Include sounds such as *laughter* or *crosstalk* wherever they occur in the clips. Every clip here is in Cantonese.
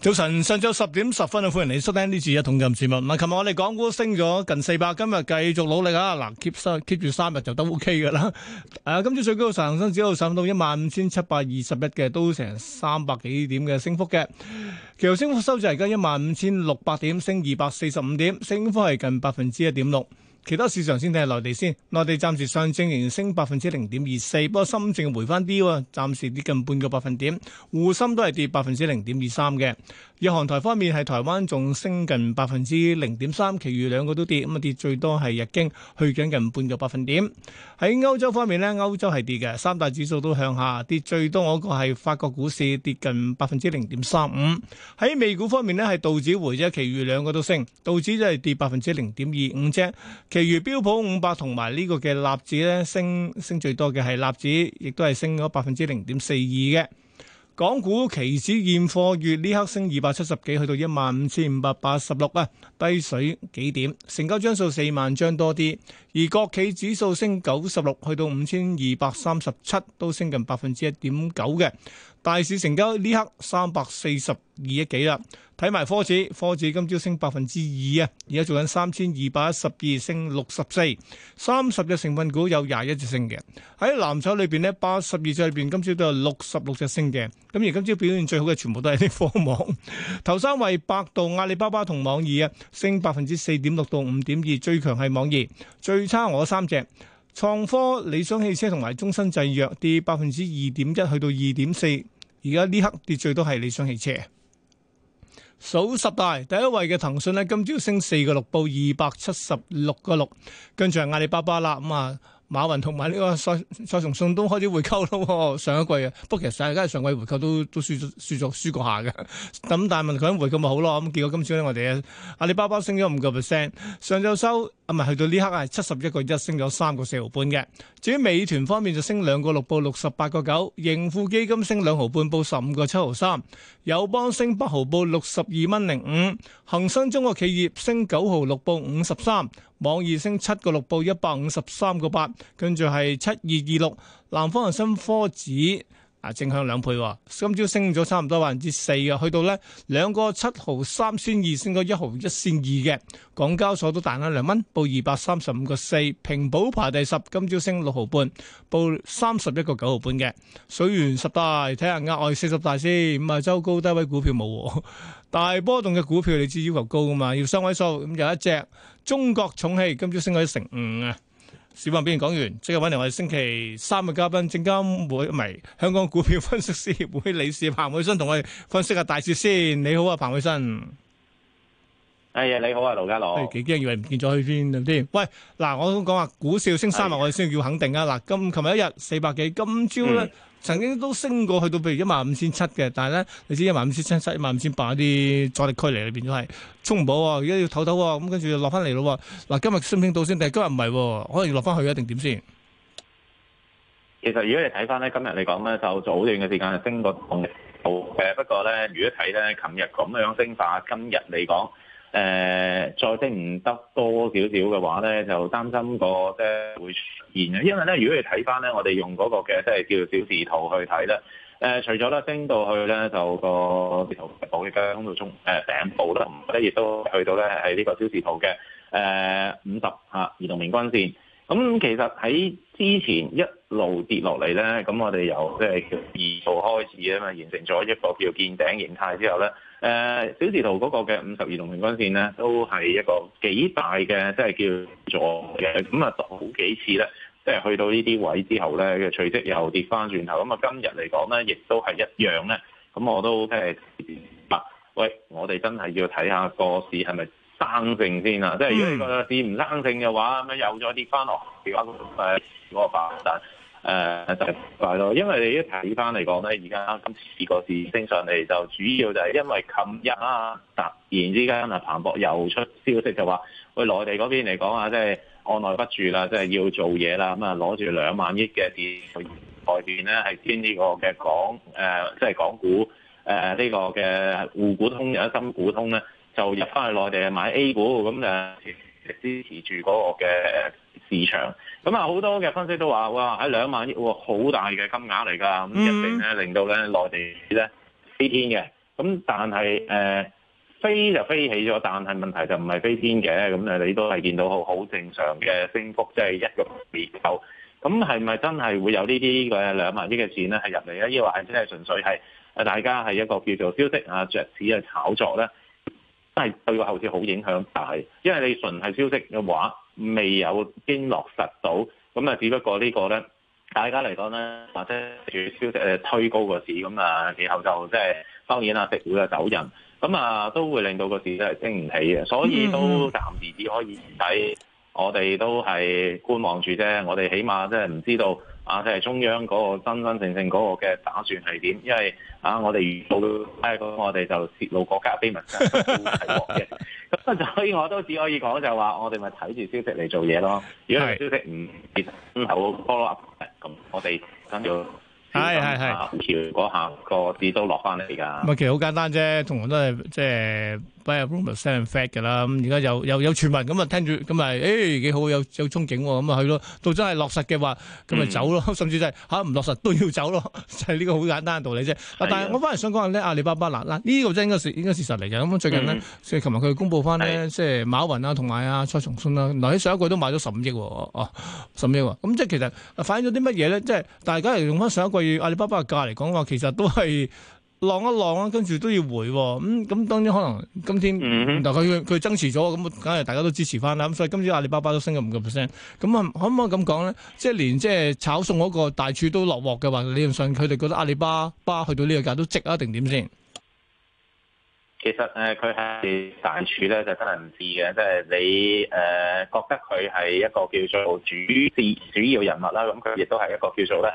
早晨，上晝十點十分啊，歡迎你收聽呢次嘅《一桶金節目》。嗱，琴日我哋港股升咗近四百，今日繼續努力啊！嗱，keep 三 keep 住三日就得 OK 噶啦。誒、啊，今朝最高上升指數上到一萬五千七百二十一嘅，都成三百幾點嘅升幅嘅。其實升幅收就係而家一萬五千六百點，升二百四十五點，升幅係近百分之一點六。其他市場先睇下內地先，內地暫時上證仍然升百分之零點二四，不過深證回翻啲喎，暫時跌近半個百分點，滬深都係跌百分之零點二三嘅。日韓台方面係台灣仲升近百分之零點三，其餘兩個都跌，咁啊跌最多係日經，去緊近半個百分點。喺歐洲方面呢，歐洲係跌嘅，三大指數都向下，跌最多嗰個係法國股市，跌近百分之零點三五。喺美股方面呢，係道指回啫，其餘兩個都升，道指即係跌百分之零點二五啫，其餘標普五百同埋呢個嘅納指咧，升升最多嘅係納指，亦都係升咗百分之零點四二嘅。港股期指現貨月呢刻升二百七十幾，去到一萬五千五百八十六啊，低水幾點？成交張數四萬張多啲，而國企指數升九十六，去到五千二百三十七，都升近百分之一點九嘅。大市成交呢刻三百四十二億幾啦，睇埋科指，科指今朝升百分之二啊，而家做緊三千二百一十二升六十四，三十隻成分股有廿一隻升嘅。喺藍籌裏邊呢，八十二隻裏邊今朝都有六十六隻升嘅，咁而今朝表現最好嘅全部都係啲科網，頭三位百度、阿里巴巴同網易啊，升百分之四點六到五點二，最強係網易，最差我三隻。創科、理想汽車同埋中芯制約跌百分之二點一，去到二點四。而家呢刻跌最多係理想汽車。數十大第一位嘅騰訊呢今朝升四個六，報二百七十六個六。跟住係阿里巴巴啦，咁啊馬雲同埋呢個蔡蔡崇信都開始回購啦。上一季啊，不過其實而家上一季回購都都輸咗輸咗輸過下嘅。咁但係問題佢一回購咪好咯？咁結果今朝咧我哋啊阿里巴巴升咗五個 percent，上晝收。咁啊，去到呢刻係七十一個一升咗三個四毫半嘅。至於美團方面，就升兩個六報六十八個九，盈富基金升兩毫半報十五個七毫三，友邦升八毫報六十二蚊零五，恒生中國企業升九毫六報五十三，網易升七個六報一百五十三個八，跟住係七二二六，南方恆生科指。啊，正向兩倍、啊，今朝升咗差唔多百分之四啊。去到咧兩個七毫三仙二，升到一毫一仙二嘅。港交所都彈咗兩蚊，報二百三十五個四，平保排第十，今朝升六毫半，報三十一個九毫半嘅。水源十大睇下額外四十大先，五十周高低位股票冇，大波動嘅股票你知要求高啊嘛，要三位數，咁有一隻中國重汽，今朝升咗一成五啊。小孟表示講完，即刻揾嚟我哋星期三嘅嘉賓證監會，唔係香港股票分析師協會理事彭偉新，同我哋分析下大事先。你好啊，彭偉新。係啊！你好啊，盧家樂。幾驚，以為唔見咗去邊咁啲？喂嗱，我都講話股市升三萬的，我哋先要肯定啊！嗱，今琴日一日四百幾，今朝咧、嗯、曾經都升過去到，譬如一萬五千七嘅，但係咧你知一萬五千七、一萬五千八嗰啲阻力區嚟，你變咗係衝唔到喎。而家要唞唞喎，咁跟住落翻嚟咯喎。嗱，今日升唔升到先？但係今日唔係喎，可能要落翻去一定點先？其實如果你睇翻咧，今日嚟講咧，就早段嘅時間升過同好誒。不過咧，如果睇咧，琴日咁樣升法，今日嚟講。誒、呃、再升唔得多少少嘅話咧，就擔心個即係、呃、會出現嘅，因為咧，如果你睇翻咧，我哋用嗰個嘅即係叫小時圖去睇咧，誒、呃，除咗咧升到去咧，就個圖嘅報嘅空度到中誒頂部咧，咧亦都去到咧喺呢個小時圖嘅誒五十嚇移動平均線。咁、嗯、其實喺之前一路跌落嚟咧，咁我哋由即係二號開始啊嘛，形成咗一個叫見頂形態之後咧。誒、呃，小時圖嗰個嘅五十二動平均線咧，都係一個幾大嘅，即係叫做嘅。咁、嗯、啊，好幾次咧，即係去到呢啲位之後咧，嘅隨即又跌翻轉頭。咁、嗯、啊，今日嚟講咧，亦都係一樣咧。咁、嗯、我都即係，嗱、呃，喂，我哋真係要睇下個市係咪生性先啊！即係如果個市唔生性嘅話，咁啊又再跌翻落，而家誒嗰個爆炸。那個誒、呃、就快咯，因為你一睇翻嚟講咧，而家今次個市升上嚟，就主要就係因為琴日啊，突然之間啊，彭博又出消息就話，喂，內地嗰邊嚟講啊，即、就、係、是、按耐不住啦，即、就、係、是、要做嘢啦，咁啊攞住兩萬億嘅錢去外邊咧，係編呢個嘅港誒，即、呃、係、就是、港股誒呢、呃這個嘅滬股通或者深股通咧，就入翻去內地啊買 A 股，咁、嗯、誒、啊、支持住嗰個嘅。市場咁啊，好多嘅分析都話哇，喺、哎、兩萬億喎，好大嘅金額嚟㗎，咁一定咧令到咧內地咧飛天嘅。咁但係誒、呃、飛就飛起咗，但係問題就唔係飛天嘅。咁誒你都係見到好好正常嘅升幅，即係一個面夠。咁係咪真係會有呢啲嘅兩萬億嘅錢咧係入嚟咧？抑或係真係純粹係誒大家係一個叫做消息啊著市啊炒作咧？真係對個後市好影響大，因為你純係消息嘅話。未有經落實到，咁啊，只不過個呢個咧，大家嚟講咧，或者住消息誒推高個市，咁啊，然後就即係當然啦，食糊啊走人，咁啊，都會令到個市真係升唔起嘅，所以都暫時只可以睇，我哋都係觀望住啫，我哋起碼即係唔知道。啊！即係中央嗰個真真正正嗰個嘅打算係點？因為啊，我哋預報咁我哋就泄露國家秘密嘅咁啊！所 *laughs* 以我都只可以講就話，我哋咪睇住消息嚟做嘢咯。如果係消息唔接有 follow up，咁我哋就要係係係調嗰下個字都落翻嚟㗎。咪是其實好簡單啫，通常都係即係。就是八啊六 percent fat 嘅啦，咁而家有有有傳聞咁啊，聽住咁咪誒幾好，有有憧憬咁咪去咯，到真係落實嘅話，咁咪走咯，甚至係嚇唔落實都要走咯，就係呢個好簡單嘅道理啫。但係我翻嚟想講下咧，阿里巴巴嗱嗱呢個真應該係應該事實嚟嘅。咁最近呢，即係琴日佢公佈翻呢，即係馬雲啊，同埋啊蔡崇信啊，嗱喺上一季都賣咗十五億喎，哦十五億，咁即係其實反映咗啲乜嘢咧？即係大家假如用翻上一個月阿里巴巴嘅價嚟講話，其實都係。浪一浪啊，跟住都要回喎、哦。咁、嗯、咁、嗯、當然可能今天嗱佢佢增持咗，咁梗係大家都支持翻啦。咁所以今朝阿里巴巴都升咗五個 percent。咁、嗯、可唔可以咁講咧？即係連即係炒餸嗰個大廚都落鑊嘅話，你唔信佢哋覺得阿里巴巴去到呢個價都值啊，定點先？其實誒，佢、呃、係大廚咧就真係唔知嘅，即、就、係、是、你誒、呃、覺得佢係一個叫做主主要人物啦。咁佢亦都係一個叫做咧。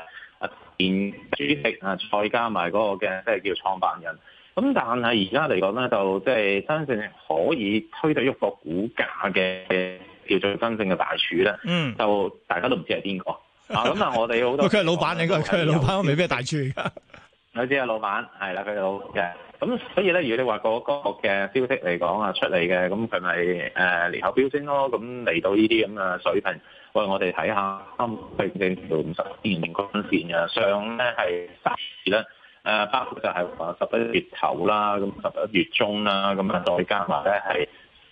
前主席啊，再加埋嗰個嘅即係叫創辦人，咁但係而家嚟講咧，就即係真正可以推到一個股價嘅叫做真正嘅大廚咧。嗯，就大家都唔知係邊個啊？咁 *laughs* 啊，我哋好多佢係 *laughs* 老，老闆，應該佢係老闆，唔係咩大廚。我知啊，老闆係啦，佢老嘅。咁所以咧，如果你話個個嘅消息嚟講啊出嚟嘅，咁佢咪誒嚟口飆升咯？咁、呃、嚟到呢啲咁嘅水平。餵，我哋睇下，啱啱正條五十天平均線嘅上咧係三次咧，誒包括就係話十一月頭啦，咁十一月中啦，咁啊再加埋咧係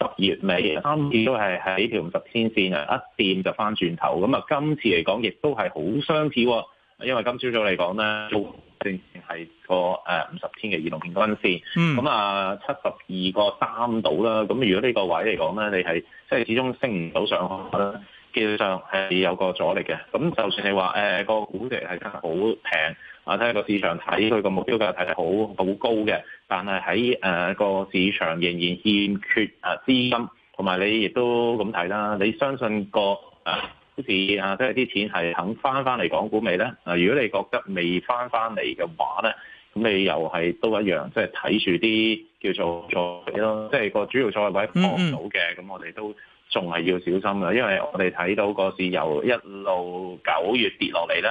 十月尾，三次都係喺條五十天線啊，一跌就翻轉頭。咁啊，今次嚟講亦都係好相似喎，因為今朝早嚟講咧，都正正係個五十天嘅移動平均線，咁啊七十二個三度啦。咁如果呢個位嚟講咧，你係即係始終升唔到上岸啦。其實上係有個阻力嘅，咁就算你話誒個估值係真係好平，啊即係個市場睇佢個目標價睇係好好高嘅，但係喺誒個市場仍然欠缺啊資金，同埋你亦都咁睇啦，你相信個啊股市啊即係啲錢係肯翻翻嚟港股未咧？啊，如果你覺得未翻翻嚟嘅話咧，咁你又係都一樣，即係睇住啲叫做阻力咯，即係個主要阻力位幫唔到嘅，咁我哋都。仲係要小心嘅，因為我哋睇到個市由一路九月跌落嚟咧，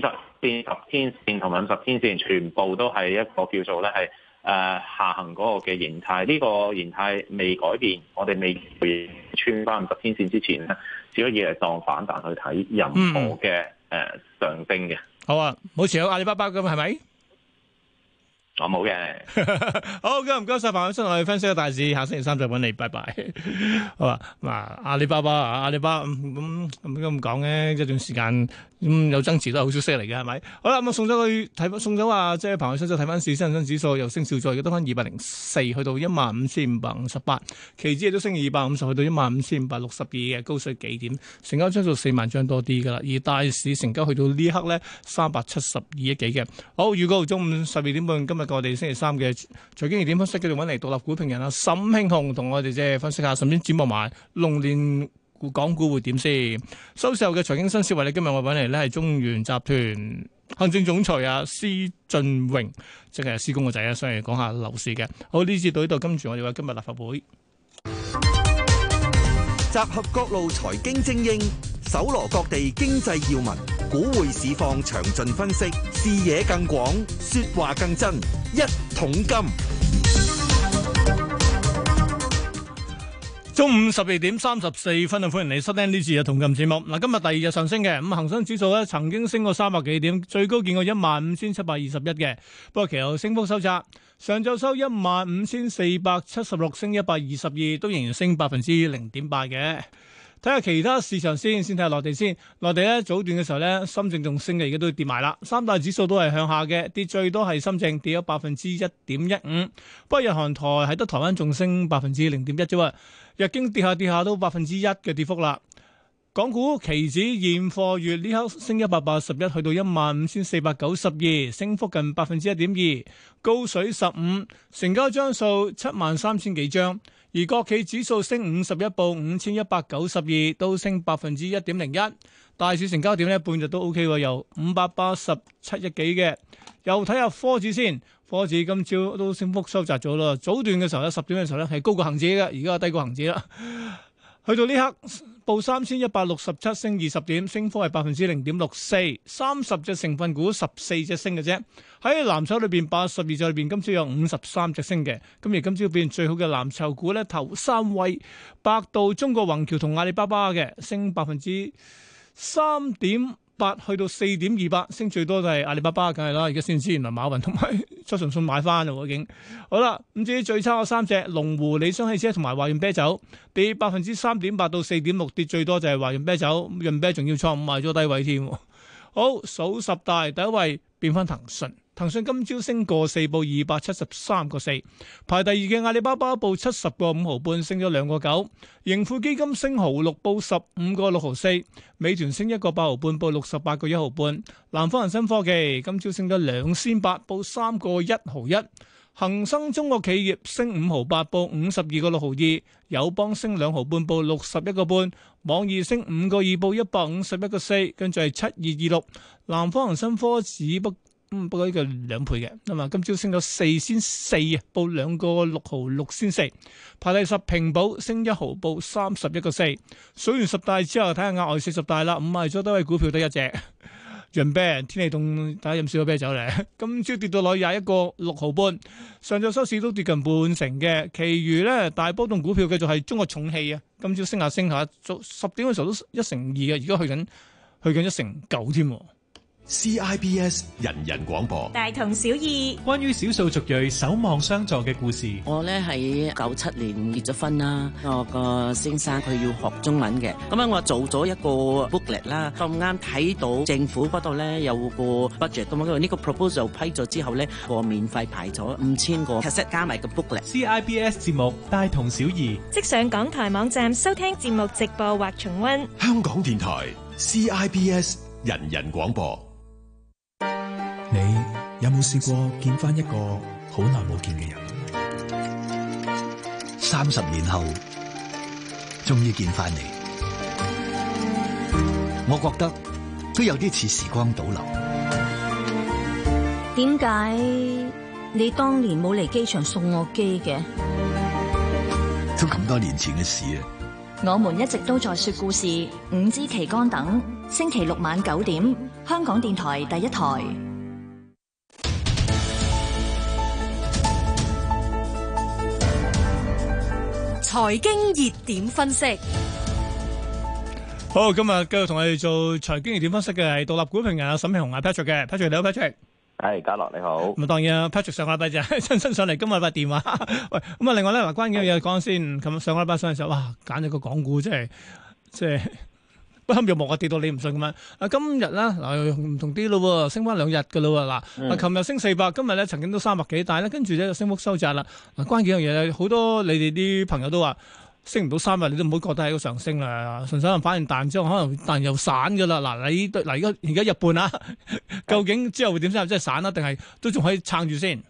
二十變十天線同埋五十天線全部都係一個叫做咧係誒下行嗰個嘅形態。呢、這個形態未改變，我哋未穿翻五十天線之前咧，只可以係當反彈去睇任何嘅誒上升嘅。嗯、 *noise* 好啊，好似有阿里巴巴咁係咪？是。 *laughs* 謝謝我冇嘅，好咁啊！唔該晒，彭偉新，我哋分析下大市，下星期三再揾你，拜拜。 *laughs* 好啊，嗱，阿里巴巴啊，阿里巴巴咁咁咁講咧，一段時間、嗯、有增持都係好消息嚟嘅，係咪？好啦，咁送咗去睇，送咗啊，即係彭偉新再睇翻市，恒生指數又升少咗，而家得翻二百零四，去到一萬五千五百五十八，期指亦都升二百五十，去到一萬五千五百六十二嘅高水幾點？成交張數四萬張多啲㗎喇，而大市成交去到一刻呢刻咧三百七十二億幾嘅。好，預告中午十二點半今日。我哋星期三嘅財經熱點分析，繼續揾嚟獨立股評人啊沈興雄同我哋即係分析下，順便展望埋龍年港股會點先。收市後嘅財經新思維，你今日我揾嚟呢係中原集團行政總裁啊施俊榮，即係施工個仔啊，上嚟講下樓市嘅。好，呢節到呢度，跟住我哋話今日立法會，集合各路財經精英，搜羅各地經濟要聞，股匯市況詳盡分析，視野更廣，說話更真。一桶金，中午十二點三十四分啊！歡迎你收聽呢次嘅同感節目。嗱， *music* 今日第二日上升嘅，五恒生指數咧曾經升過三百幾點，最高見過一萬五千七百二十一嘅，不過其後升幅收窄，上晝收一萬五千四百七十六，升一百二十二，都仍然升百分之零點八嘅。睇下其他市場先，先睇下內地先。內地咧早段嘅時候咧，深證仲升嘅，而家都要跌埋啦。三大指數都係向下嘅，跌最多係深證跌咗百分之一點一五。不過日韓台係得台灣仲升百分之零點一啫喎，日經跌下跌下都百分之一嘅跌幅啦。港股期指現貨月呢刻升一百八十一，去到一萬五千四百九十二，升幅近百分之一點二，高水十五，成交張數七萬三千幾張。而國企指數升五十一，報五千一百九十二，都升百分之一點零一。大市成交點咧，半日都 OK 喎，由五百八十七億幾嘅。又睇下科指先，科指今朝都升幅收窄咗啦。早段嘅時候咧，十點嘅時候咧，係高過恒指嘅，而家係低過恒指啦。去到呢刻。報三千一百六十七，升二十點，升幅係百分之零點六四，三十隻成分股十四隻升嘅啫。喺藍籌裏邊，八十二隻裏邊，今朝有五十三隻升嘅。今日今朝表現最好嘅藍籌股咧，頭三位，百度、中國宏橋同阿里巴巴嘅，升百分之三點八去到四點二八，升最多就係阿里巴巴，梗係啦。而家先知原來馬雲同埋蔡崇信買翻啦已經。好啦，咁至於最差嘅三隻，龍湖、理想汽車同埋華潤啤酒，跌百分之三點八到四點六，跌最多就係華潤啤酒，潤啤仲要創五賣咗低位添。好，數十大第一位變翻騰訊。騰訊今朝升個四報二百七十三個四，排第二嘅阿里巴巴報七十個五毫半，升咗兩個九。盈富基金升毫六，報十五個六毫四。美團升一個八毫半，報六十八個一毫半。南方恒生科技今朝升咗兩仙八，報三個一毫一。恒生中國企業升五毫八，報五十二個六毫二。友邦升兩毫半，報六十一個半。網易升五個二，報一百五十一個四，跟住係七二二六。南方恒生科指不。嗯、不過呢個兩倍嘅，咁、嗯、啊，今朝升咗四仙四啊，報兩個六毫六仙四，排第十平保升一毫報三十一個四，數完十大之後睇下額外四十大啦，五啊最多都係股票得一隻潤啤，天氣凍大家飲少咗啤酒咧，今朝跌到落廿一個六毫半，上晝收市都跌近半成嘅，其餘咧大波動股票繼續係中國重汽啊，今朝升下升下，十點嘅時候都一成二啊，而家去緊去緊一成九添。CIBS 人人廣播，大同小異。關於少數族裔守望相助嘅故事，我咧喺九七年結咗婚啦。我個先生佢要學中文嘅，咁樣我做咗一個 booklet 啦。咁啱睇到政府嗰度咧有個 budget，咁樣呢個 proposal 批咗之後咧，我免費排咗五千個 set 加埋個 booklet。CIBS 節目大同小異，即上港台網站收聽節目直播或重溫香港電台 CIBS 人人廣播。你有冇試過見翻一個好耐冇見嘅人？三十年後，終於見翻你，我覺得都有啲似時光倒流。點解你當年冇嚟機場送我機嘅？都咁多年前嘅事啊！ *music* 我們一直都在說故事，五支旗杆等，星期六晚九點，香港電台第一台。財經熱點分析，好，今日繼續同我哋做財經熱點分析嘅係獨立股評人阿沈慶雄阿 Patrick 嘅 Patrick 你好 Patrick，係嘉樂你好，咁啊當然啊 Patrick 上個禮拜就親身上嚟，今個禮拜電話，喂，咁啊另外咧嗱，關鍵嘅嘢講先，咁、哎、上個禮拜上嘅時候哇，揀咗個港股即係即係。真不，堪入目，冇跌到你唔信咁啊。今日咧，嗱又唔同啲咯，升翻兩日噶啦，嗱、啊，嗱，琴日升四百，今日咧曾經都三百幾，但係咧跟住咧就升幅收窄啦。嗱、啊，關鍵樣嘢，好多，你哋啲朋友都話升唔到三百，你都唔好覺得係一個上升啦，純粹係反應彈之後，可能彈又散噶啦。嗱、啊，你嗱而家而家日半啊， *laughs* 究竟之後會點先入，即係散啦？定係都仲可以撐住先？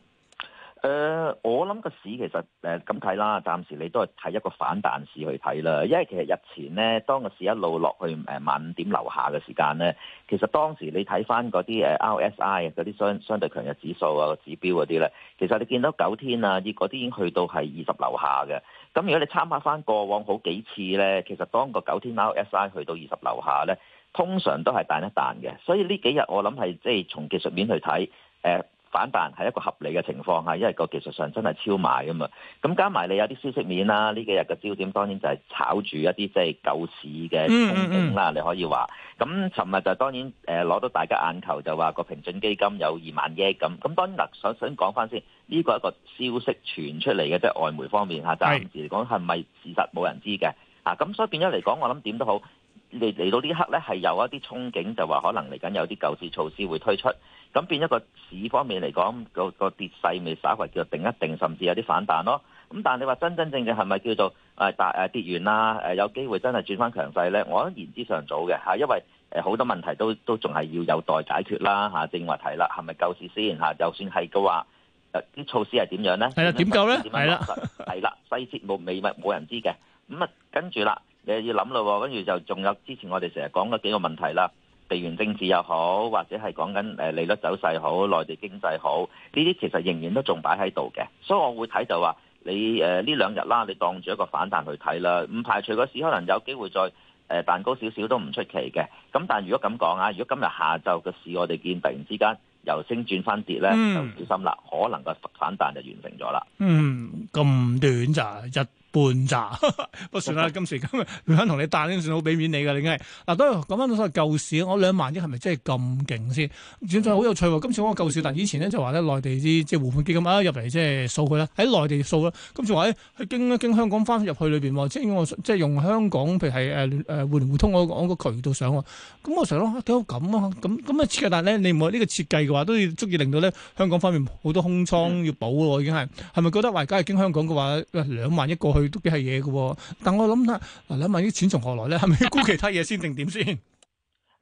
誒、呃，我諗個市其實誒咁睇啦，暫時你都係睇一個反彈市去睇啦，因為其實日前咧，當個市一路落去誒萬五點樓下嘅時間咧，其實當時你睇翻嗰啲誒 RSI 啊，嗰啲相相對強弱指數啊，個指標嗰啲咧，其實你見到九天啊，依嗰啲已經去到係二十樓下嘅。咁如果你參考翻過往好幾次咧，其實當個九天 RSI 去到二十樓下咧，通常都係彈一彈嘅。所以呢幾日我諗係即係從技術面去睇誒。呃反彈係一個合理嘅情況嚇，因為個技術上真係超賣㗎嘛。咁加埋你有啲消息面啦，呢幾日嘅焦點當然就係炒住一啲即係舊市嘅衝動啦。你可以話，咁尋日就當然誒攞到大家眼球就話個平準基金有二萬億咁。咁當然嗱，想想講翻先，呢、這個係一個消息傳出嚟嘅，即、就、係、是、外媒方面嚇暫是時嚟講係咪事實冇人知嘅啊。咁所以變咗嚟講，我諗點都好。嚟嚟到呢刻咧，係有一啲憧憬，就話可能嚟緊有啲救市措施會推出，咁變一個市方面嚟講，個個跌勢咪稍為叫做定一定，甚至有啲反彈咯。咁但係你話真真正正係咪叫做誒大誒跌完啦、啊？誒、呃、有機會真係轉翻強勢咧？我覺得言之尚早嘅嚇，因為誒好多問題都都仲係要有待解決啦嚇、啊。正話提啦，係咪救市先嚇？就、啊、算係嘅話，誒、啊、啲措施係點樣咧？係啦，點救咧？點樣咧？係啦、嗯，細節冇未咪冇人知嘅。咁啊，跟住啦。你要諗咯、哦，跟住就仲有之前我哋成日講嗰幾個問題啦，地緣政治又好，或者係講緊誒利率走勢好，內地經濟好，呢啲其實仍然都仲擺喺度嘅。所以我會睇就話你誒呢兩日啦，你當住一個反彈去睇啦，唔排除個市可能有機會再誒彈高少少都唔出奇嘅。咁但係如果咁講啊，如果今日下晝個市我哋見突然之間由升轉翻跌咧，嗯、就唔小心啦，可能個反彈就完成咗啦。嗯，咁短咋、啊、一？半扎， *laughs* 不算啦。今時今日，廖生同你彈都算好俾面你噶啦。已經係嗱，都講翻到所謂舊市，我兩萬億係咪真係咁勁先？咁仲好有趣喎！今次嗰個舊市，但以前咧就話咧，內地啲即係互聯基金啊入嚟即係掃佢啦，喺內地掃啦。今次話咧，去經經香港翻入去裏邊喎，即係我即係用香港，譬如係誒誒互聯互通嗰個渠道上喎。咁我成日諗，點解咁啊？咁咁嘅設計，但係咧，你唔好呢個設計嘅話，都要足以令到咧香港方面好多空倉要補喎、嗯。已經係係咪覺得話，而家係經香港嘅話，兩萬億過去？都幾係嘢嘅，但我諗下嗱，諗下啲錢從何來咧？係咪估其他嘢先定點先？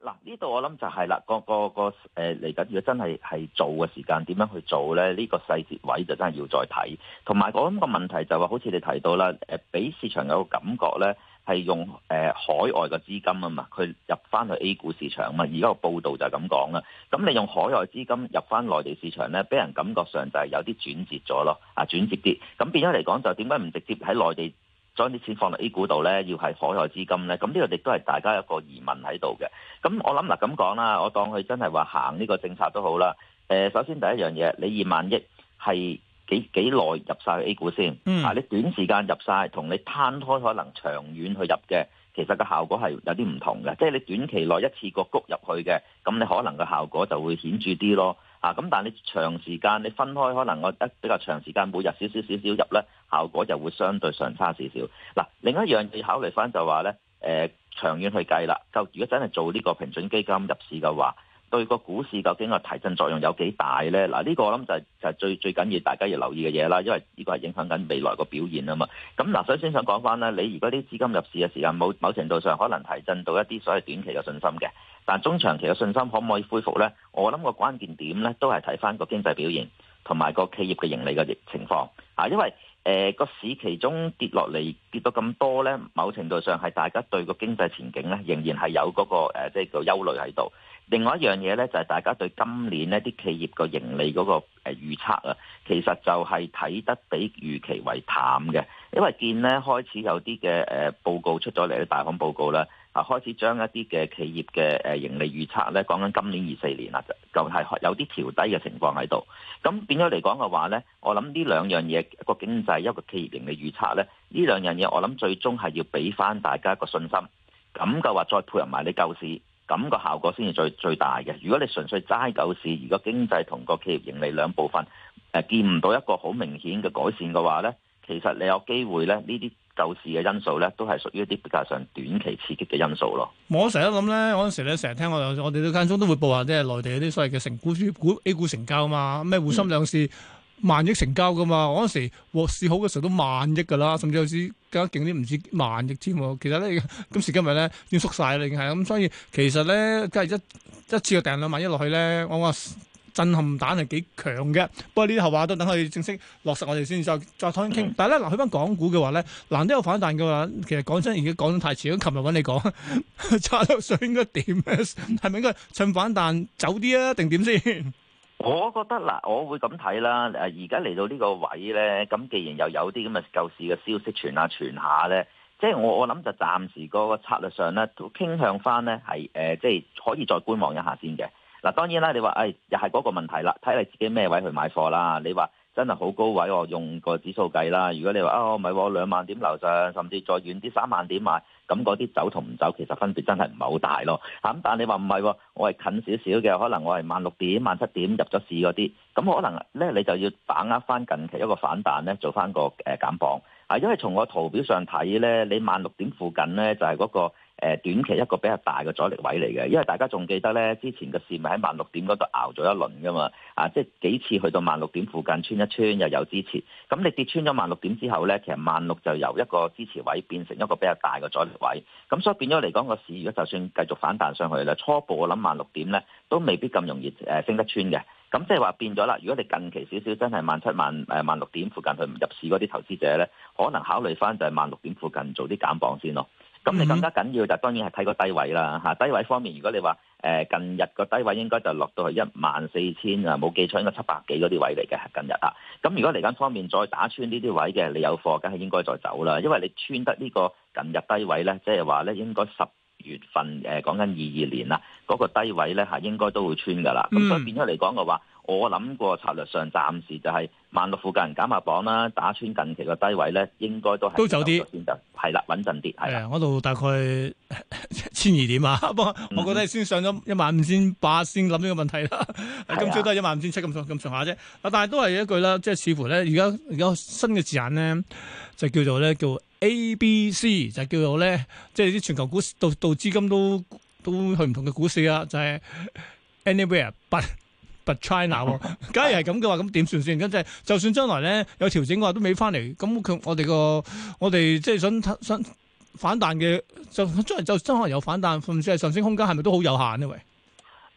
嗱，呢度我諗就係啦，個個個誒嚟緊，呃、如果真係係做嘅時間，點樣去做咧？呢、呢個細節位就真係要再睇。同埋，我諗個問題就係、話，好似你提到啦，誒、呃，俾市場有個感覺咧。係用誒、呃、海外嘅資金啊嘛，佢入翻去 A 股市場啊嘛，而家個報道就係咁講啦。咁你用海外資金入翻內地市場咧，俾人感覺上就係有啲轉折咗咯，啊轉折啲。咁變咗嚟講，就點解唔直接喺內地將啲錢放落 A 股度咧？要係海外資金咧？咁呢個亦都係大家一個疑問喺度嘅。咁我諗嗱，咁講啦，我當佢真係話行呢個政策都好啦。誒、呃，首先第一樣嘢，你二萬億係。幾幾耐入曬 A 股先？嗯、啊，你短時間入晒，同你攤開可能長遠去入嘅，其實個效果係有啲唔同嘅。即、就、係、是、你短期內一次過谷入去嘅，咁你可能個效果就會顯著啲咯。啊，咁但係你長時間你分開，可能我得比較長時間每日少少少少入呢，效果就會相對上差少少。嗱、啊，另一樣要考慮翻就話、是、呢，誒、呃、長遠去計啦。就如果真係做呢個平準基金入市嘅話，對個股市究竟個提振作用有幾大呢？嗱，呢個我諗就係就係最最緊要大家要留意嘅嘢啦，因為呢個係影響緊未來個表現啊嘛。咁嗱，首先想講翻呢，你而家啲資金入市嘅時間，某某程度上可能提振到一啲所謂短期嘅信心嘅，但中長期嘅信心可唔可以恢復呢？我諗個關鍵點呢，都係睇翻個經濟表現同埋個企業嘅盈利嘅情況啊，因為誒個、呃、市其中跌落嚟跌到咁多呢，某程度上係大家對個經濟前景呢，仍然係有嗰、嗰個、呃、即係個憂慮喺度。另外一樣嘢咧，就係大家對今年呢啲企業個盈利嗰個誒預測啊，其實就係睇得比預期為淡嘅，因為見咧開始有啲嘅誒報告出咗嚟咧，大行報告啦，啊開始將一啲嘅企業嘅誒盈利預測咧，講緊今年二四年啦，就係有啲調低嘅情況喺度。咁變咗嚟講嘅話咧，我諗呢兩樣嘢，一個經濟一個企業盈利預測咧，呢兩樣嘢我諗最終係要俾翻大家一個信心，咁嘅話再配合埋你舊市。咁個效果先至最最大嘅。如果你純粹齋救市，如果經濟同個企業盈利兩部分誒、呃、見唔到一個好明顯嘅改善嘅話咧，其實你有機會咧，呢啲救市嘅因素咧，都係屬於一啲比較上短期刺激嘅因素咯。我成日諗咧，嗰陣時咧，成日聽我哋我哋間中都會報下即係內地嗰啲所謂嘅成股股 A 股成交啊嘛，咩滬深兩市。嗯萬億成交噶嘛？我嗰時市好嘅時候都萬億噶啦，甚至有時更加勁啲，唔止萬億添。其實咧，今時今日咧，已經縮晒啦，已經係咁。所以其實咧，即係一一次就訂兩萬億落去咧，我話震撼彈係幾強嘅。不過呢啲後話都等佢正式落實我，我哋先再再討傾。嗯、但係咧，嗱，去翻港股嘅話咧，難得有反彈嘅話，其實講真，而家講得太遲。咁琴日揾你講，差水應該點，係咪、嗯、應該趁反彈走啲啊？定點先？ *laughs* 我覺得嗱，我會咁睇啦。誒，而家嚟到呢個位咧，咁既然又有啲咁嘅救市嘅消息傳，傳下傳下咧，即係我我諗就暫時嗰個策略上咧，傾向翻咧係誒，即係、呃就是、可以再觀望一下先嘅。嗱，當然啦，你話誒、哎，又係嗰個問題啦，睇你自己咩位去買貨啦。你話。真係好高位喎，我用個指數計啦。如果你話啊，哦，唔係兩萬點樓上，甚至再遠啲三萬點買，咁嗰啲走同唔走其實分別真係唔係好大咯。咁但係你話唔係，我係近少少嘅，可能我係萬六點、萬七點入咗市嗰啲，咁可能咧你就要把握翻近期一個反彈咧，做翻個誒減磅。啊，因為從個圖表上睇咧，你萬六點附近咧就係嗰個，誒短期一個比較大嘅阻力位嚟嘅，因為大家仲記得呢之前個市咪喺萬六點嗰度熬咗一輪噶嘛，啊，即係幾次去到萬六點附近穿一穿又有支持，咁你跌穿咗萬六點之後呢，其實萬六就由一個支持位變成一個比較大嘅阻力位，咁所以變咗嚟講，個市如果就算繼續反彈上去咧，初步我諗萬六點呢都未必咁容易誒升得穿嘅，咁即係話變咗啦。如果你近期少少真係萬七萬誒萬六點附近去唔入市嗰啲投資者呢，可能考慮翻就係萬六點附近做啲減磅先咯。咁你、mm hmm。更加緊要就當然係睇個低位啦嚇，低位方面，如果你話誒近日個低位應該就落到去一萬四千啊，冇記錯應該七百幾嗰啲位嚟嘅近日啊，咁如果嚟緊方面再打穿呢啲位嘅，你有貨梗係應該再走啦，因為你穿得呢個近日低位咧，即係話咧應該十。月份誒講緊二二年啦，嗰個低位咧係應該都會穿噶啦。咁所以變咗嚟講嘅話，我諗過策略上暫時就係萬六附近減壓榜啦，打穿近期個低位咧，應該都係都走啲，係啦，穩陣啲係啦。我度大概千二點啊，不過我覺得先上咗一萬五千八先諗呢個問題啦。嗯、 *laughs* 今朝都係一萬五千七咁上咁上下啫。啊，但係都係一句啦，即係似乎咧，而家而家新嘅字眼咧，就叫做咧叫。叫叫叫 A、B、C 就叫做咧，即係啲全球股市到到資金都都去唔同嘅股市啊，就係、是、Anywhere but but China。假如係咁嘅話，咁點算先？即係就算將來咧有調整嘅話，都未翻嚟。咁佢我哋個我哋即係想想反彈嘅，就將來就真可能有反彈，甚至係上升空間係咪都好有限咧？喂、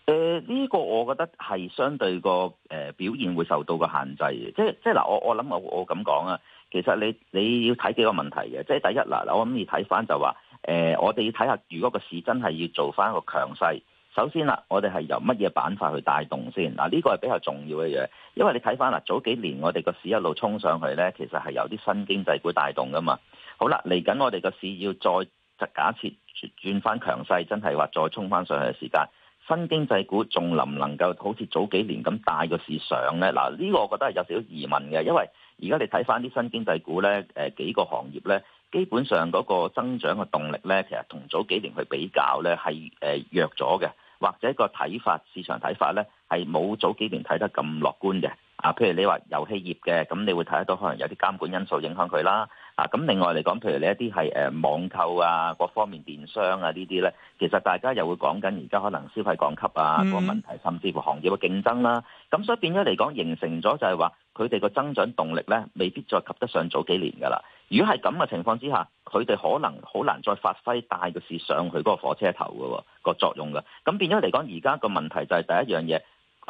呃，誒、這、呢個我覺得係相對個誒、呃、表現會受到個限制嘅，即係即係嗱、呃，我我諗我我咁講啊。其實你你要睇幾個問題嘅，即係第一嗱，我諗你睇翻就話，誒，我哋要睇下如果個市真係要做翻個強勢，首先啦，我哋係由乜嘢板塊去帶動先，嗱呢個係比較重要嘅嘢，因為你睇翻嗱，早幾年我哋個市一路衝上去咧，其實係由啲新經濟股帶動噶嘛。好啦，嚟緊我哋個市要再，就假設轉翻強勢，真係話再衝翻上去嘅時間，新經濟股仲能唔能夠好似早幾年咁帶個市上咧？嗱，呢個我覺得係有少少疑問嘅，因為。而家你睇返啲新經濟股咧，誒幾個行業咧，基本上嗰個增長嘅動力咧，其實同早幾年去比較咧，係誒、呃、弱咗嘅，或者個睇法，市場睇法咧，係冇早幾年睇得咁樂觀嘅。啊，譬如你話遊戲業嘅，咁你會睇得到可能有啲監管因素影響佢啦。啊，咁另外嚟講，譬如你一啲係誒網購啊，各方面電商啊呢啲咧，其實大家又會講緊而家可能消費降級啊嗰、嗯、個問題，甚至乎行業嘅競爭啦。咁所以變咗嚟講，形成咗就係話。佢哋個增長動力咧，未必再及得上早幾年噶啦。如果係咁嘅情況之下，佢哋可能好難再發揮大個市上佢嗰個火車頭嘅個作用嘅。咁變咗嚟講，而家個問題就係第一樣嘢，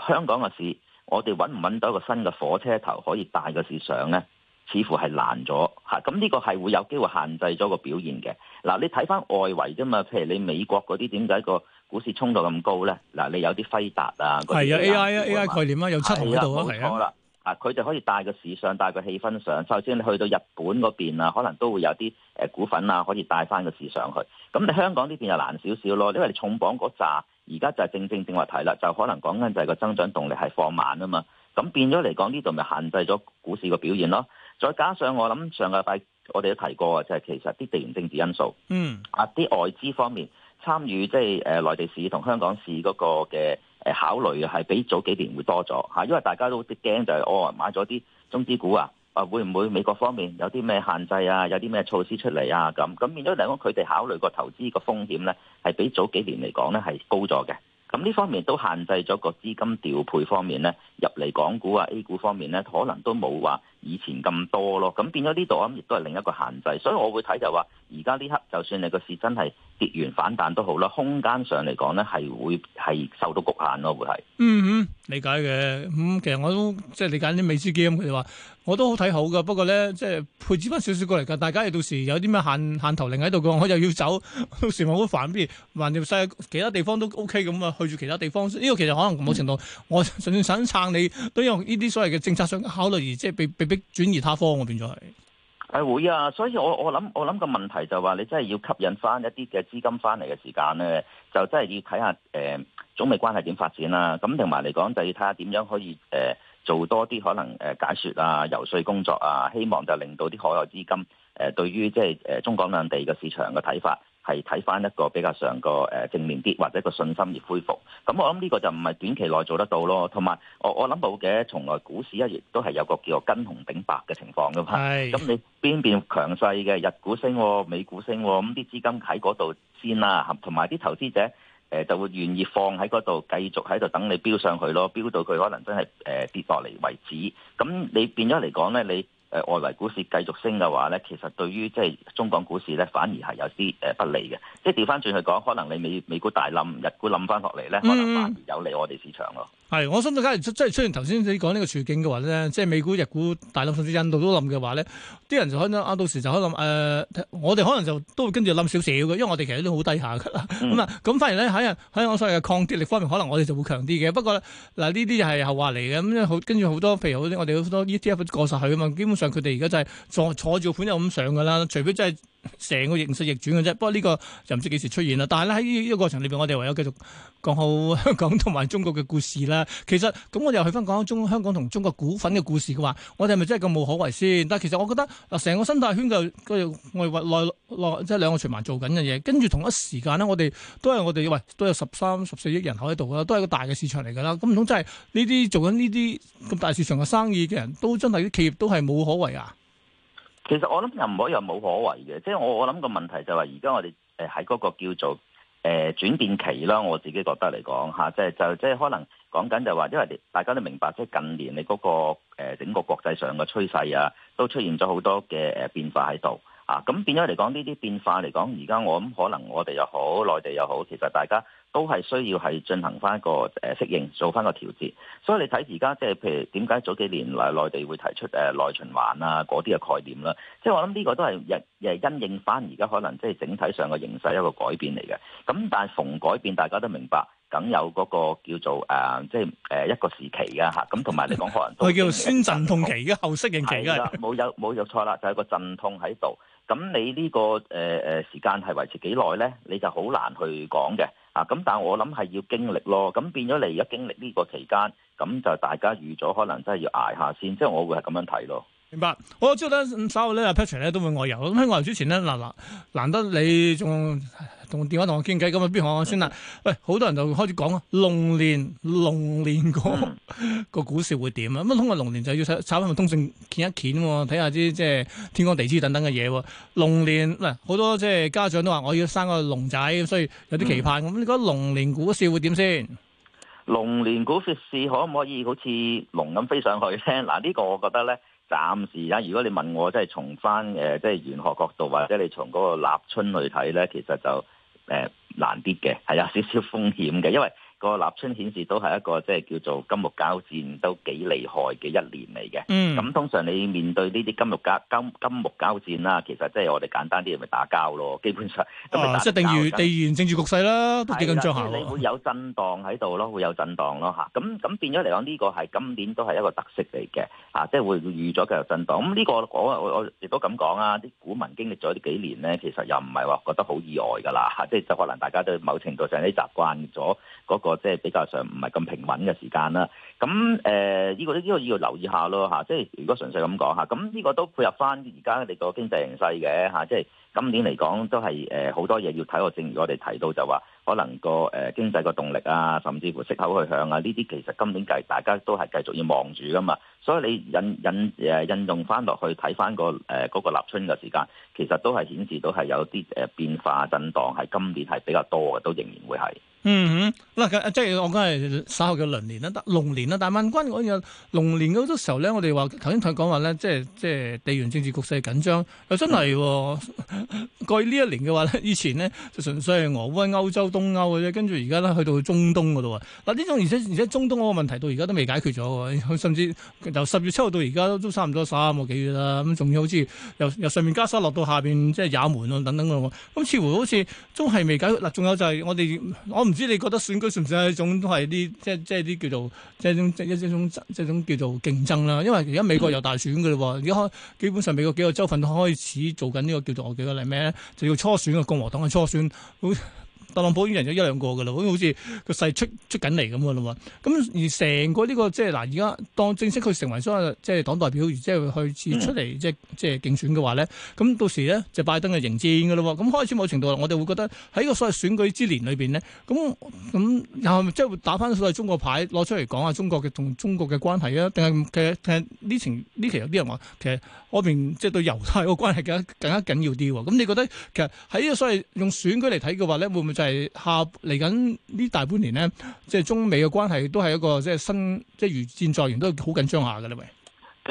香港嘅市，我哋揾唔揾到一個新嘅火車頭可以大個市上咧，似乎係難咗吓。咁呢個係會有機會限制咗個表現嘅。嗱、啊，你睇翻外圍啫嘛，譬如你美國嗰啲點解個股市衝到咁高咧？嗱、啊，你有啲輝達啊，係啊，AI 啊，AI 概念啊，啊有七度啊，冇啦、啊。啊！佢哋可以帶個市上，帶個氣氛上。首先，你去到日本嗰邊啊，可能都會有啲誒股份啊，可以帶翻個市上去。咁你香港呢邊又難少少咯，因為你重磅嗰紮而家就係正正正話題啦，就可能講緊就係個增長動力係放慢啊嘛。咁變咗嚟講，呢度咪限制咗股市個表現咯。再加上我諗上個禮拜我哋都提過啊，就係、是、其實啲地緣政治因素，嗯，啊啲外資方面參與即係誒內地市同香港市嗰個嘅。誒考慮係比早幾年會多咗嚇，因為大家都啲驚就係，哦買咗啲中資股啊，啊會唔會美國方面有啲咩限制啊，有啲咩措施出嚟啊咁，咁變咗嚟講，佢哋考慮個投資個風險咧係比早幾年嚟講咧係高咗嘅，咁呢方面都限制咗個資金調配方面咧入嚟港股啊 A 股方面咧可能都冇話以前咁多咯，咁變咗呢度我諗，亦都係另一個限制，所以我會睇就話，而家呢刻就算你個市真係跌完反彈都好啦，空間上嚟講咧係會係受到局限咯，會係。嗯嗯，理解嘅。咁、嗯、其實我都即係理解啲美資機咁，佢哋話我都好睇好㗎，不過咧即係配置翻少少過嚟㗎，大家到時有啲咩限限頭令喺度㗎，我又要走到時咪好煩，不如橫掂晒其他地方都 OK 咁啊，去住其他地方。呢、呢個其實可能冇程度，嗯、我純粹想撐你，都用呢啲所謂嘅政策上考慮，而即係轉移他方、啊，我變咗係，係會啊，所以我我諗我諗個問題就話，你真係要吸引翻一啲嘅資金翻嚟嘅時間咧，就真係要睇下，誒、呃，中美關係點發展啦，咁同埋嚟講，就要睇下點樣可以，誒、呃，做多啲可能，誒，解說啊，遊說工作啊，希望就令到啲海外資金，誒、呃，對於即係，誒、呃，中港兩地嘅市場嘅睇法。係睇翻一個比較上個誒正面啲，或者個信心而恢復。咁我諗呢個就唔係短期內做得到咯。同埋我我諗到嘅，從來股市一亦都係有個叫做跟紅頂白嘅情況噶嘛。咁是你邊邊強勢嘅日股升、哦，美股升、哦，咁啲資金喺嗰度先啦、啊，同埋啲投資者誒、呃、就會願意放喺嗰度，繼續喺度等你飆上去咯，飆到佢可能真係誒、呃、跌落嚟為止。咁你變咗嚟講咧，你。外圍股市繼續升嘅話，咧，其實對於即係中港股市咧，反而係有啲誒不利嘅。即係調翻轉去講，可能你美美股大冧，日股冧翻落嚟咧，可能反而有利我哋市場咯。係，我心諗假如即係出現頭先你講呢個處境嘅話咧，即係美股、日股、大陸甚至印度都冧嘅話咧，啲人就可能啊，到時就可能誒、呃，我哋可能就都會跟住冧少少嘅，因為我哋其實都好低下㗎啦。咁啊、嗯，咁反而咧喺喺我所謂嘅抗跌力方面，可能我哋就會強啲嘅。不過嗱，呢啲係後話嚟嘅，咁跟住好多譬如我哋好多 ETF 過晒去啊嘛，基本上佢哋而家就係坐坐住款就咁上㗎啦，除非真係。成個形勢逆轉嘅啫，不過呢個就唔知幾時出現啦。但係咧喺呢個過程裏邊，我哋唯有繼續講好香港同埋中國嘅故事啦。其實咁，我哋又去翻講中香港同中國股份嘅故事嘅話，我哋係咪真係咁冇可為先？但係其實我覺得，嗱，成個生態圈嘅嘅我內內，內，內，內，內，內，內即係兩個循環做緊嘅嘢，跟住同一時間呢，我哋都係我哋喂都有十三十四億人口喺度啦，都係個大嘅市場嚟㗎啦。咁唔通真係呢啲做緊呢啲咁大市場嘅生意嘅人都真係啲企業都係冇可為啊！其實我諗又唔可以又冇可為嘅，即係我我諗個問題就係話，而家我哋誒喺嗰個叫做誒、呃、轉變期啦。我自己覺得嚟講嚇，即、啊、係就即、是、係、就是、可能講緊就話，因為大家都明白，即係近年你、那、嗰個、呃、整個國際上嘅趨勢啊，都出現咗好多嘅誒、呃、變化喺度啊。咁變咗嚟講呢啲變化嚟講，而家我諗可能我哋又好，內地又好，其實大家，都係需要係進行翻一個誒適應，做翻個調節。所以你睇而家即係譬如點解早幾年內內地會提出誒內循環啊嗰啲嘅概念啦。即、就、係、是、我諗呢個都係日誒因應翻而家可能即係整體上嘅形勢一個改變嚟嘅。咁但係逢改變，大家都明白梗有嗰個叫做誒即係誒一個時期嘅、啊、嚇。咁同埋你講可能佢 *laughs* 叫酸先陣痛期，而家對後適應期啦、就是。冇 *laughs* 有冇有，有，有錯啦？就係、是、個陣痛喺度。咁你呢、這個誒誒、呃、時間係維持幾耐咧？你就好難去講嘅。啊，咁但係我諗係要經歷咯，咁變咗嚟而家經歷呢個期間，咁就大家預咗可能真係要捱下先，即係我會係咁樣睇咯。明白。我之後咧，稍、嗯、後咧、啊，Patrick 咧都會外遊。咁喺外遊之前咧，嗱嗱難得你仲同電話同我傾偈，咁啊，邊行先啦？喂，好多人就開始講啊，龍年龍年個股市會點啊？咁啊，通過龍年就要炒翻份通勝，撿一撿、啊，睇下啲即係天干地支等等嘅嘢、啊。龍年嗱，好多即係家長都話我要生個龍仔，所以有啲期盼。咁你覺得龍年股市會點先？龍年股市可唔可以好似龍咁飛上去咧？嗱、啊，呢、這個我覺得咧。呢暫時啊，如果你問我，即係從翻誒即係玄學角度或者你從嗰個立春去睇咧，其實就誒、呃、難啲嘅，係有少少風險嘅，因為，個立春顯示都係一個即係叫做金木交戰都幾厲害嘅一年嚟嘅。咁通常你面對呢啲金木交金金木交戰啦，其實即係我哋簡單啲咪打交咯。基本上，啊，即係定住地緣政治局勢啦，都幾緊張下。即係會有震盪喺度咯，會有震盪咯嚇。咁咁變咗嚟講，呢個係今年都係一個特色嚟嘅嚇，即係會預咗繼續震盪。咁呢個我我我亦都咁講啊，啲股民經歷咗呢幾年咧，其實又唔係話覺得好意外㗎啦嚇，即係就可能大家都某程度上都習慣咗。嗰個即係比較上唔係咁平穩嘅時間啦。咁誒，呢、呃呢個呢、呢個要留意下咯嚇、啊。即係如果純粹咁講嚇，咁、啊、呢個都配合翻而家你個經濟形勢嘅嚇、啊。即係今年嚟講都係誒好多嘢要睇。我正如我哋提到就話，可能個誒、呃、經濟個動力啊，甚至乎息口去向啊，呢啲其實今年計大家都係繼續要望住噶嘛。所以你引引誒引用翻落去睇翻、嗰個誒嗰、呃嗰個立春嘅時間，其實都係顯示到係有啲誒變化震盪，係今年係比較多嘅，都仍然會係。嗯哼、嗯，嗱， *noise* 即係我講係稍後嘅龍年啦。得，龍年啊，大萬軍嗰樣，龍年嗰多時候咧，我哋話頭先同佢講話咧，即係即係地緣政治局勢緊張，又真係、哦嗯、 *laughs* 過去呢一年嘅話咧，以前咧就純粹係俄烏、歐洲、東歐嘅啫，跟住而家咧去到中東嗰度啊，嗱呢種而且而且中東嗰個問題到而家都未解決咗喎，甚至由十月七號到而家都差唔多三個幾月啦，咁仲要好似由又上面加沙落到下邊即係也門啊等等咁似乎好似都係未解決，嗱仲有就係我哋我唔。唔知你覺得選舉算唔算係一種都係啲即係即係啲叫做即係一種即係一種即係一種叫做競爭啦，因為而家美國又大選噶啦喎，而家開基本上美國幾個州份都開始做緊、這、呢個叫做我記得係咩咧？就要初選嘅共和黨嘅初選。 *laughs* 特朗普已經贏咗一兩個嘅啦，好似好似個勢出出緊嚟咁嘅啦。咁而成個呢個即係嗱，而家、這個、當正式佢成為咗即係黨代表，而即係去出嚟即係即係競選嘅話咧，咁、嗯、到時咧就、拜登嘅迎戰嘅咯。咁開始某程度我哋會覺得喺個所謂選舉之年裏邊咧，咁咁又係咪即係會打翻所謂中國牌攞出嚟講下中國嘅同中國嘅關係啊？定係其實其呢情呢期有啲人話其實嗰邊即係對猶太個關係嘅更加緊要啲喎。咁你覺得其實喺呢個所謂用選舉嚟睇嘅話咧，會唔會就？係下嚟緊呢大半年咧，即係中美嘅關係都係一個即係新即係如箭在弦，都係好緊張下嘅咧，咪？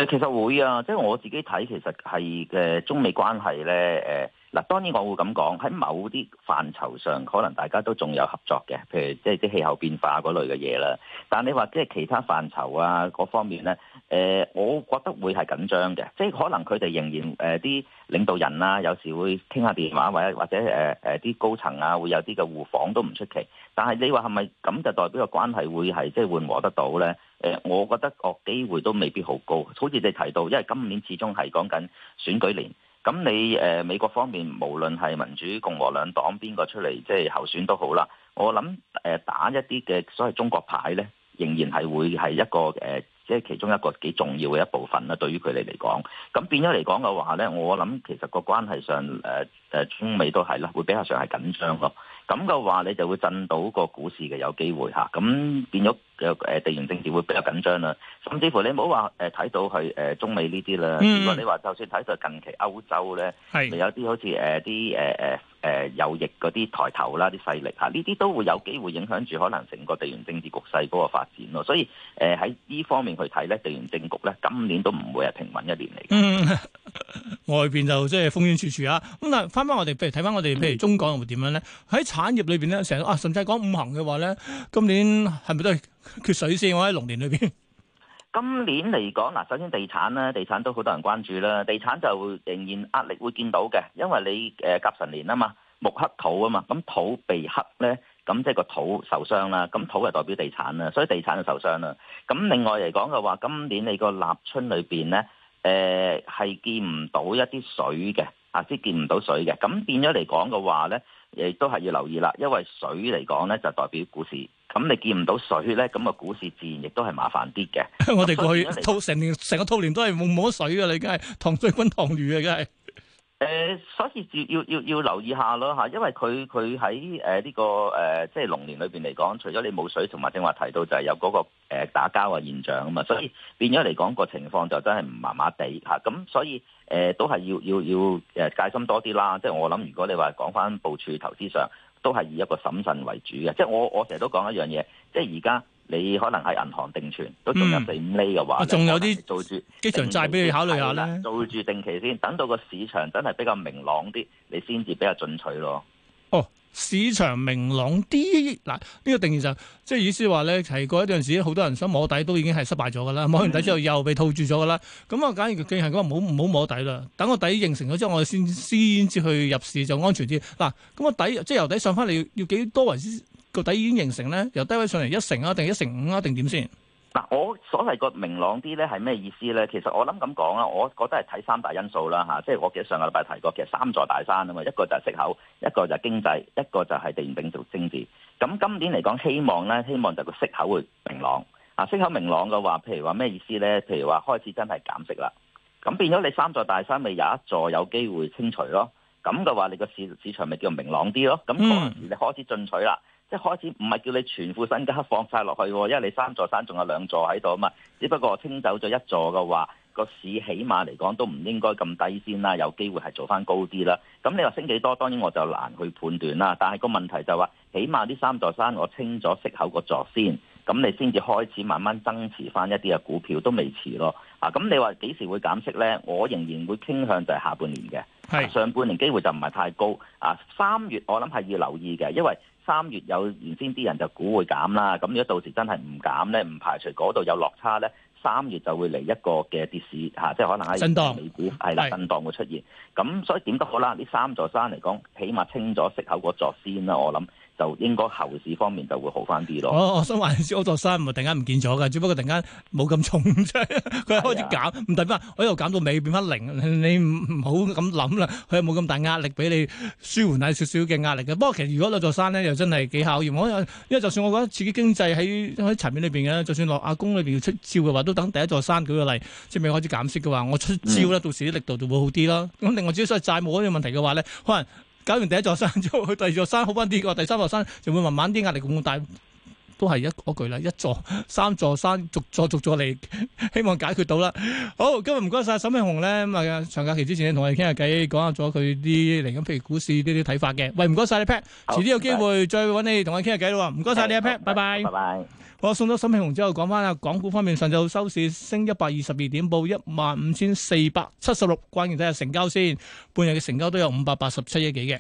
誒，其實會啊，即、就、係、是、我自己睇，其實係嘅中美關係咧，誒、呃。嗱，當然我會咁講，喺某啲範疇上，可能大家都仲有合作嘅，譬如即係啲氣候變化嗰類嘅嘢啦。但係你話即係其他範疇啊，各方面咧，誒、呃，我覺得會係緊張嘅，即係可能佢哋仍然誒啲、呃、領導人啊，有時會傾下電話，或者或者誒誒啲高層啊，會有啲嘅互訪都唔出奇。但係你話係咪咁就代表個關係會係即係緩和得到咧？誒、呃，我覺得個機會都未必好高。好似你提到，因為今年始終係講緊選舉年。咁你誒、呃、美國方面，無論係民主共和兩黨邊個出嚟即係候選都好啦，我諗誒、呃、打一啲嘅所謂中國牌咧，仍然係會係一個誒、呃，即係其中一個幾重要嘅一部分啦。對於佢哋嚟講，咁變咗嚟講嘅話咧，我諗其實個關係上誒誒，中、呃、美都係啦，會比較上係緊張咯。咁嘅話，你就會震到個股市嘅有機會嚇。咁、啊、變咗。有地緣政治會比較緊張啦，甚至乎你冇話誒睇到去誒中美呢啲啦，嗯、如果你話就算睇到近期歐洲咧，係是有啲好似誒啲誒誒誒右翼嗰啲抬頭啦，啲勢力嚇，呢啲都會有機會影響住可能成個地緣政治局勢嗰個發展咯，所以誒喺呢方面去睇咧，地緣政局咧今年都唔會係平穩一年嚟嘅、嗯。外邊就即係風煙處處啊。咁但係翻返我哋譬如睇返我哋譬如中港會點樣咧？喺、嗯、產業裏邊咧成啊，甚至係講五行嘅話咧，今年係咪都係？缺水先，我喺龍年裏邊，今年嚟講，嗱，首先地產咧，地產都好多人關注啦。地產就仍然壓力會見到嘅，因為你誒甲辰年啊嘛，木克土啊嘛，咁土被克咧，咁即係個土受傷啦。咁土係代表地產啦，所以地產就受傷啦。咁另外嚟講嘅話，今年你個立春裏邊咧。誒係、呃、見唔到一啲水嘅，啊，即係見唔到水嘅，咁變咗嚟講嘅話咧，亦都係要留意啦，因為水嚟講咧就代表股市，咁你見唔到水咧，咁、那、啊、個、股市自然亦都係麻煩啲嘅。 *laughs* 我哋過去兔成年，成個兔年都係冇冇水嘅，你梗係塘水滾塘魚嘅，梗係。誒、呃，所以要要要要留意下咯吓，因為佢佢喺誒呢個誒即係龍年裏邊嚟講，除咗你冇水，同埋正話提到就係、是、有嗰、那個誒、呃、打交嘅現象啊嘛，所以變咗嚟講個情況就真係唔麻麻地嚇。咁、啊、所以誒、呃、都係要要要誒戒心多啲啦。即、就、係、是、我諗，如果你話講翻部署投資上，都係以一個審慎為主嘅。即、就、係、是、我我成日都講一樣嘢，即係而家。你可能係銀行定存，都仲有四五厘嘅話，仲有啲做住，機場債俾你考慮下咧，做住定期先，等到個市場真係比較明朗啲，你先至比較進取咯。哦，市場明朗啲，嗱呢個定義就即係意思話咧，係過一段時間，好多人想摸底都已經係失敗咗噶啦，摸完底之後又被套住咗噶啦，咁啊、嗯，梗係佢係咁話，唔好唔好摸底啦，等個底形成咗之後，我哋先先至去入市就安全啲。嗱，咁個底即係由底上翻嚟要要幾多銀先？到底已經形成咧，由低位上嚟一成啊，定一成五啊，定點先？嗱，我所謂個明朗啲咧係咩意思咧？其實我諗咁講啊，我覺得係睇三大因素啦吓、啊，即係我記得上個禮拜提過，其實三座大山啊嘛，一個就係息口，一個就係經濟，一個就係地緣政治。咁今年嚟講，希望咧，希望就個息口會明朗。啊，息口明朗嘅話，譬如話咩意思咧？譬如話開始真係減息啦。咁變咗你三座大山，咪有一座有機會清除咯。咁嘅話，你個市市場咪叫明朗啲咯。咁嗰陣時你開始進取啦。嗯即係開始唔係叫你全副身家放晒落去，因為你三座山仲有兩座喺度啊嘛。只不過清走咗一座嘅話，個市起碼嚟講都唔應該咁低先啦，有機會係做翻高啲啦。咁你話升幾多，當然我就難去判斷啦。但係個問題就係話，起碼呢三座山我清咗息口個座先，咁你先至開始慢慢增持翻一啲嘅股票都未遲咯。啊，咁你話幾時會減息咧？我仍然會傾向就係下半年嘅，上半年機會就唔係太高。啊，三月我諗係要留意嘅，因為，三月有原先啲人就估會減啦，咁如果到時真係唔減咧，唔排除嗰度有落差咧，三月就會嚟一個嘅跌市嚇，即係可能喺美股係啦蕩，震盪會出現。咁的所以點都好啦，呢三座山嚟講，起碼清咗食口個座先啦，我諗。就應該後市方面就會好翻啲咯。哦，我想話，好似嗰座山，突然間唔見咗噶，只不過突然間冇咁重啫。佢 *laughs* 開始減，唔代表，我又減到尾，變翻零。你唔唔好咁諗啦，佢冇咁大壓力俾你舒緩下少少嘅壓力嘅。不過其實如果兩座山咧，又真係幾考驗。我因為就算我覺得自己經濟喺喺層面裏邊嘅，就算落阿公裏邊要出招嘅話，都等第一座山舉個例，即未開始減息嘅話，我出招咧，嗯、到時啲力度就會好啲啦。咁另外只要所謂債務嗰啲問題嘅話咧，可能。搞完第一座山之後，去第二座山好翻啲，個第三座山就會慢慢啲壓力咁大。都係一嗰句啦，一座三座山，逐座逐座嚟，希望解決到啦。好，今日唔該晒沈慶鴻咧，咁啊長假期之前同我哋傾下偈，講下咗佢啲嚟，咁譬如股市呢啲睇法嘅。喂，唔該晒你 Pat，遲啲有機會再揾你同我傾下偈咯。唔該晒你啊 Pat，拜拜。我送咗沈慶鴻之後，講翻啊，港股方面上晝收市升一百二十二點，報一萬五千四百七十六，關鍵睇下成交先。半日嘅成交都有五百八十七億幾嘅。